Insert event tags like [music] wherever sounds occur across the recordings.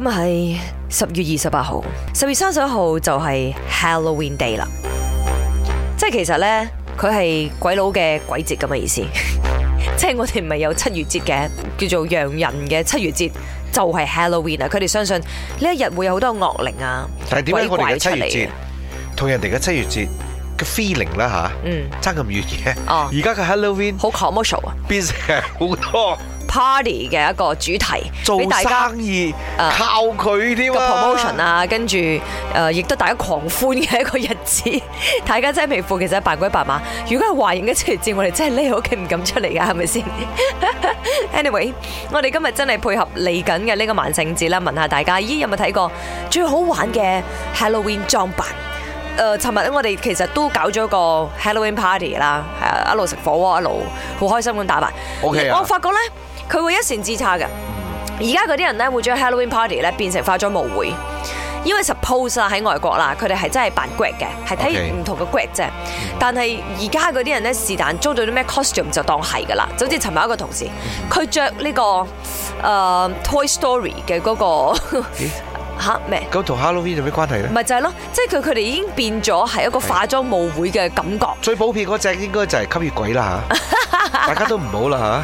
今日係十月二十八號，十月三十一號就係 Halloween day 啦。即係其實咧，佢係鬼佬嘅鬼節咁嘅意思。即係我哋唔係有七月節嘅，叫做洋人嘅七月節就係、是、Halloween 啊。佢哋相信呢一日會有好多惡靈啊。但係點解我哋嘅七月節同人哋嘅七月節嘅 feeling 啦吓，嗯，差咁遠嘅。而家嘅 Halloween 好 commercial 啊。變成好多。Party 嘅一個主題，做生意靠佢啲啦 promotion 啊，跟住誒，亦都大家狂歡嘅一個日子。大家真係皮膚其實扮鬼扮馬，如果係華人嘅七月節，我哋真係匿喺屋企唔敢出嚟噶，係咪先？Anyway，我哋今日真係配合嚟緊嘅呢個萬聖節啦，問，問下大家咦，有冇睇過最好玩嘅 Halloween 裝扮？誒，尋日我哋其實都搞咗個 Halloween party 啦，係啊，一路食火鍋，一路好開心咁打扮。O K 我發覺咧。佢會一線之差嘅，而家嗰啲人咧會將 Halloween party 咧變成化妝舞會，因為 suppose 啊，喺外國啦，佢哋係真係扮 great 嘅，係睇唔同嘅 great 啫。但係而家嗰啲人咧是但租咗啲咩 costume 就當係噶啦，就好似尋日一個同事，佢着呢個誒、啊、Toy Story 嘅嗰、嗰個咩？咁同 Halloween 有咩關係咧？咪就係咯，即係佢佢哋已經變咗係一個化妝舞會嘅感覺。最普遍嗰隻應該就係吸血鬼啦嚇。大家都唔好啦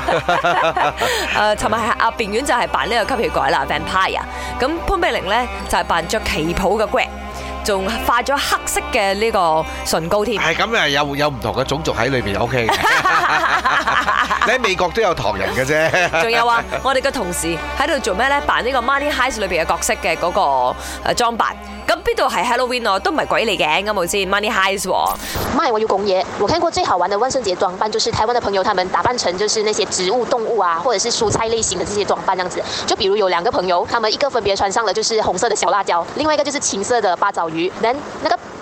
嚇。誒，尋日係阿邊院就係扮呢個吸血鬼啦，Vampire。咁潘碧玲咧就係扮着旗袍嘅鬼，仲化咗黑色嘅呢個唇膏添。係咁啊，有有唔同嘅種族喺裏面 O K 嘅。 [laughs] 喺美國都有唐人嘅啫，仲有啊！我哋嘅同事喺度做咩咧？扮呢個《Money Heist》裏邊嘅角色嘅嗰個誒裝扮。咁邊度係 Halloween 啊？都唔係鬼嚟嘅，啱冇先？Money Heist 喎、啊。My 我要講嘢。我看過最好玩嘅萬聖節裝扮就是台灣嘅朋友，他們打扮成就是那些植物、動物啊，或者是蔬菜類型嘅。這些裝扮，樣子就比如有兩個朋友，他們一個分別穿上了就是紅色的小辣椒，另外一個就是青色的八爪魚。然後那個。